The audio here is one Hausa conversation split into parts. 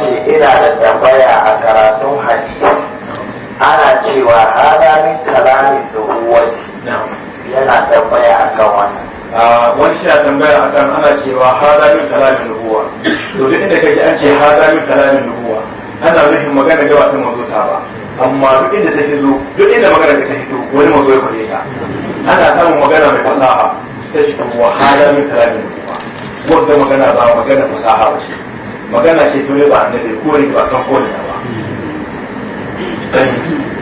ce ina da tambaya a karatun hadis ana cewa hada min kalamin nubuwati yana tambaya akan wannan wani shi ya tambaya kan ana cewa hada min kalamin huwa, to duk inda kake an ce hada min kalamin huwa ana nufin magana gaba ta mazo ba amma duk inda ta zo duk inda magana ta fito wani mazo ya kware ta ana samun magana mai fasaha ta shi wa hada min da nubuwa wanda magana ba magana fasaha ce magana ke tuni ba ne ko kori ba san kori ne ba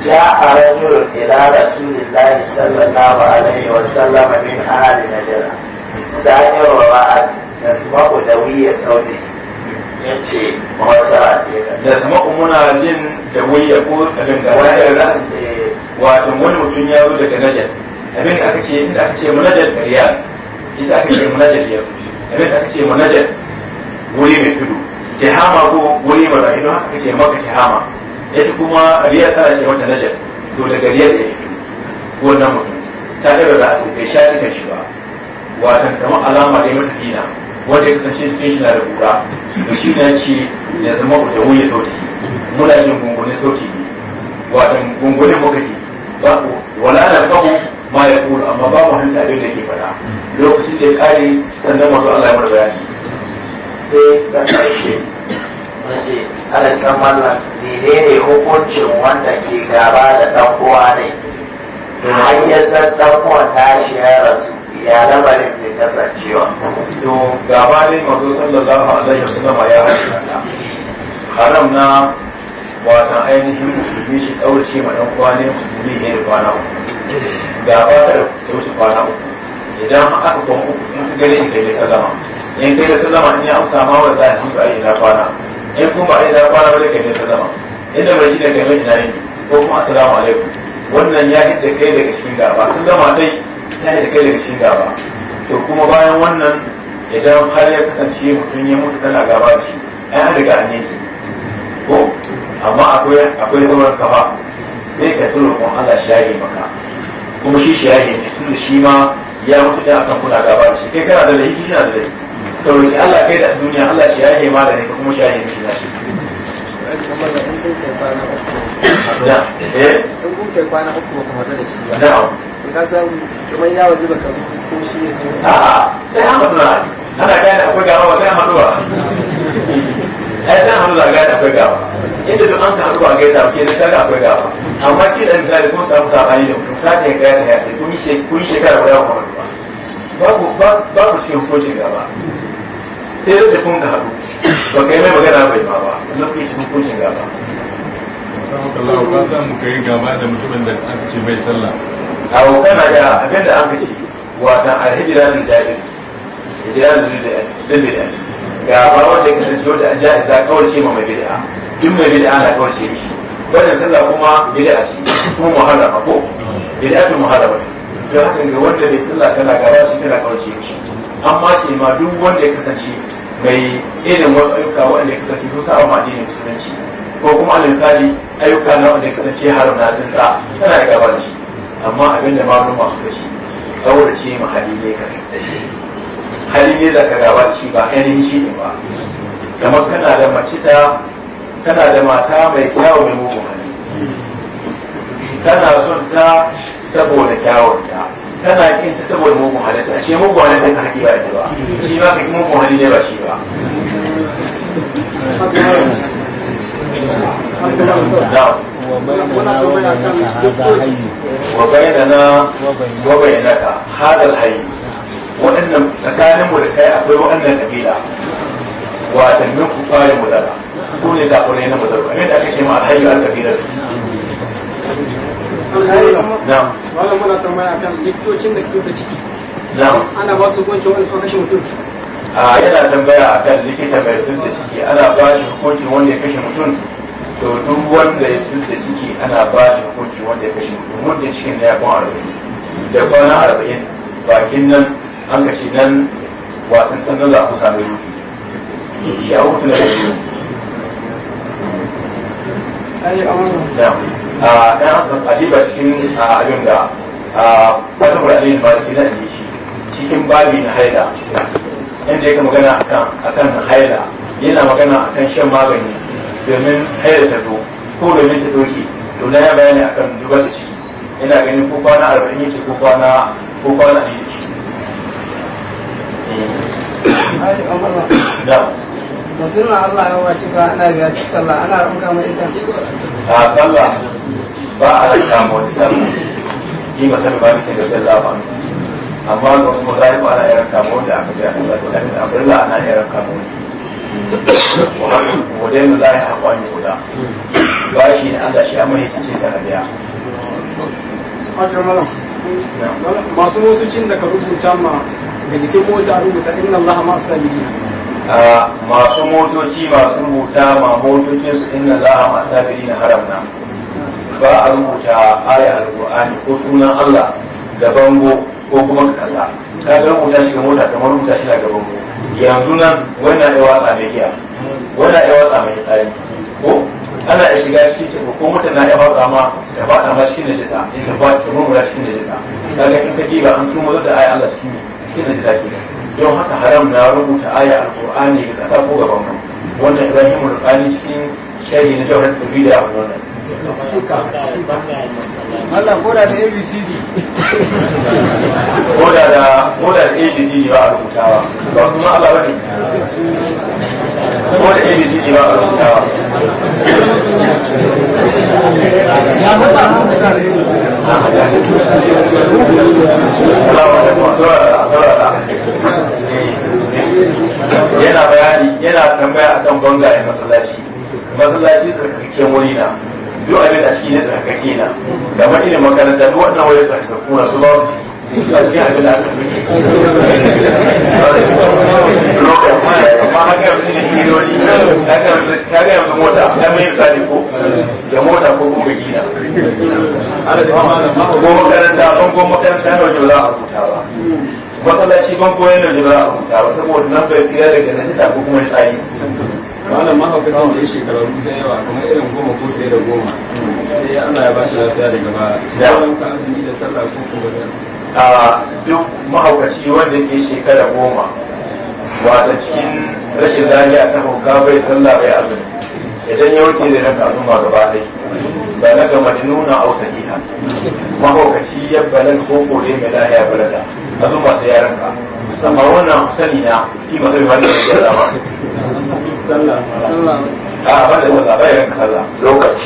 جاء رجل إلى رسول الله صلى الله عليه وسلم من أهل نجرة سائر الرأس يسمع دوي صوته yace mawasa da sama muna jin da wuya ko abin da sa'ir ras wato mun mutun ya zo daga najar abin da aka ce inda aka ce munajar riya ita aka ce munajar riya abin da aka ce munajar tihama ko wuri mara ido haka ce maka tihama ita kuma riyar tana ce mata najar to daga riyar da ko wannan mutum sa'ir da su bai sha cikin shi ba wato kamar alama da mata hina wanda ya kasance cikin shi na da kura da shi na ce ya zama da wuya sauti muna yin gungunin sauti ne watan gungunin makaki ba wala na kawo ma ya kura amma ba mu hanta abin da ke faɗa lokacin da ya kare sannan mazu Allah ya mara bayani sai ta ƙarshe nace alal dan mallan menene hukuncin wanda ke gaba da dan uwa ne har ya san dan uwa tashi ya rasu ya lamarin zai kasancewa to gaba ne mazo sallallahu alaihi wasallam ya halatta haram na wata ainihin musulmi shi ɗaurace ma ɗan ne musulmi ne da kwana uku ga ba ta da wuce kwana uku idan aka kuma uku in ka gane shi kai sallama in kai da sallama in ya amsa ma wanda za a yi na kwana in kuma ba da kwana bane kai ne sallama inda bai shine kai mai ina ne ko kuma assalamu alaikum wannan ya hidda kai daga cikin gaba sallama dai ta hidda kai daga cikin gaba to kuma bayan wannan idan har ya kasance mutum ya mutu tana gaba da shi ai an riga an yanke ko amma akwai akwai zaman kafa sai ka tura kun Allah shi yayi maka kuma shi shi yayi tunda shi ma ya mutu da akan kula gaba da shi kai kana da laifi kana da laifi to Allah kai da duniya Allah shi yahe ma da ka kuma shi yahe mishi nashi da eh in kun kai kwana uku ba kuma da shi ba da ka san kamar ya waje baka ko shi ya zo a sai an mutu ana gane akwai gawa ba sai an mutu ba ai sai an mutu ga gane akwai gawa inda duk an samu ruwa gaisa ke da sarra akwai gawa amma ki da misali kun samu sabani da mutum ta kai gaya da ya ce da shekara guda da babu babu cikin kocin gaba sai da kun da haɗu ba ka yi mai magana bai ba gaba Allah ba sa mu kai gaba da mutumin da aka ce mai kana ga abin da aka ce wata da jahil hijira da wanda ya kasance ma mai bid'a mai bid'a na mishi sallah kuma ya wata ga wanda bai sallah tana gaba shi tana kauce amma ce ma duk wanda ya kasance mai irin wasu ayyuka wanda ya kasance ko sa ma addinin musulunci ko kuma a misali ayyuka na wanda ya kasance haram na tsinsa tana da gaba shi amma abin da mamu masu kashi kaurace ma hali ne ka hali ne za ka gaba shi ba ainihin shi ne ba kamar kana da mace ta kana da mata mai kyawu mai mugun hali kana son ta saboda ta, kana kin ta saboda mugun halitta shi mugun halitta ka haƙi ba ita ba shi ba ka mugun hali ne ba shi ba وبيننا وبينك هذا الحي وان tsakanin mu da kai akwai waɗannan kabila wa tanmin ku fare mu dala su ne da na mu daga abin da aka ce ma alhaji al-kabila malam muna tambaya kan likitocin da ke da ciki ana ba su wani kashe mutum a yana tambaya a kan likita mai da ciki ana ba shi hukuncin wanda ya kashe mutum to duk wanda ya da ciki ana ba shi hukuncin wanda ya kashe mutum muddin cikin na ya kwan arba'in da kwana arba'in bakin nan an kace nan watan sannan za ku sami rufi ya hutu da biyu. Ah, dan adiba cikin abin da wata kuralin maliki na da shi cikin babi na haila inda yake magana akan akan haila yana magana akan shan magani domin haila ta zo ko domin ta doki to na ya bayani akan zubar da ciki ina ganin ko kwana arba'in yake ko kwana ko kwana ɗari da ciki. Mutum na Allah ya wace ba ana biya sallah ana runga mai ita. A ah, sallah ba a da samu wani samu yi masar ba mutum da zai lafa amma da wasu mazari ba fara yaran kamo da aka biya sun zafi lafi da abdulla ana yaran kamo ne wadai mu zai haƙwa ne guda ba shi ne an za shi amma ya ce tara biya masu motocin da ka rubuta ma ga jikin mota rubuta inna allah ma a masu motoci masu rubuta ma motocinsu inna za a masabiri na haramna ba a rubuta aya qur'ani ko sunan Allah da bango ko kuma kasa ta ga rubuta shi ga mota kamar rubuta shi ga bango yanzu nan wannan ya watsa mai giya wannan ya watsa mai tsari ko ana ya shiga cikin teku ko mutum na ya fada ma ya fada ma cikin da jisa in ta faɗa kuma mura cikin da jisa kaga in ka giba an tuno da aya Allah cikin cikin da jisa ke don haka haram na rubuta aya qur'ani ga kasa ko gaban mu wannan Ibrahim Rukani cikin shari'a na jawhar tawhid a wannan stika stika Allah koda da ABCD koda da koda da ABCD ba a rubutawa ba kuma Allah bane koda ABCD ba a rubutawa ya mata duk abin da cikin ya tsarkake na kamar irin makaranta duk wannan wani tsarkaku na su ba a cikin abin da aka amma haka ga yanzu mota ta mai misali ko da mota ko kuma gina ko makaranta sun ko makaranta na wajen za a rubuta ba masallaci ban koyar da jira a huta ba saboda nan bai tsira daga najisa ko kuma tsari malam mahaukacin da ya shekaru sai yawa kamar irin goma ko fiye da goma sai Allah ya ba shi lafiya daga ba sai ka azumi da sallah ko kuma da a duk mahaukaci wanda ke shekara goma wata cikin rashin lafiya ta hauka bai sallah bai azumi idan ya wuce da nan azuma gaba dai ba na gama da nuna ina mahaukaci ya balan ko kore mai lahiya balada ka zo masu yaran ka amma wannan sani na ki masu yi wani da ya sallah a ba da sallah bayan sallah lokaci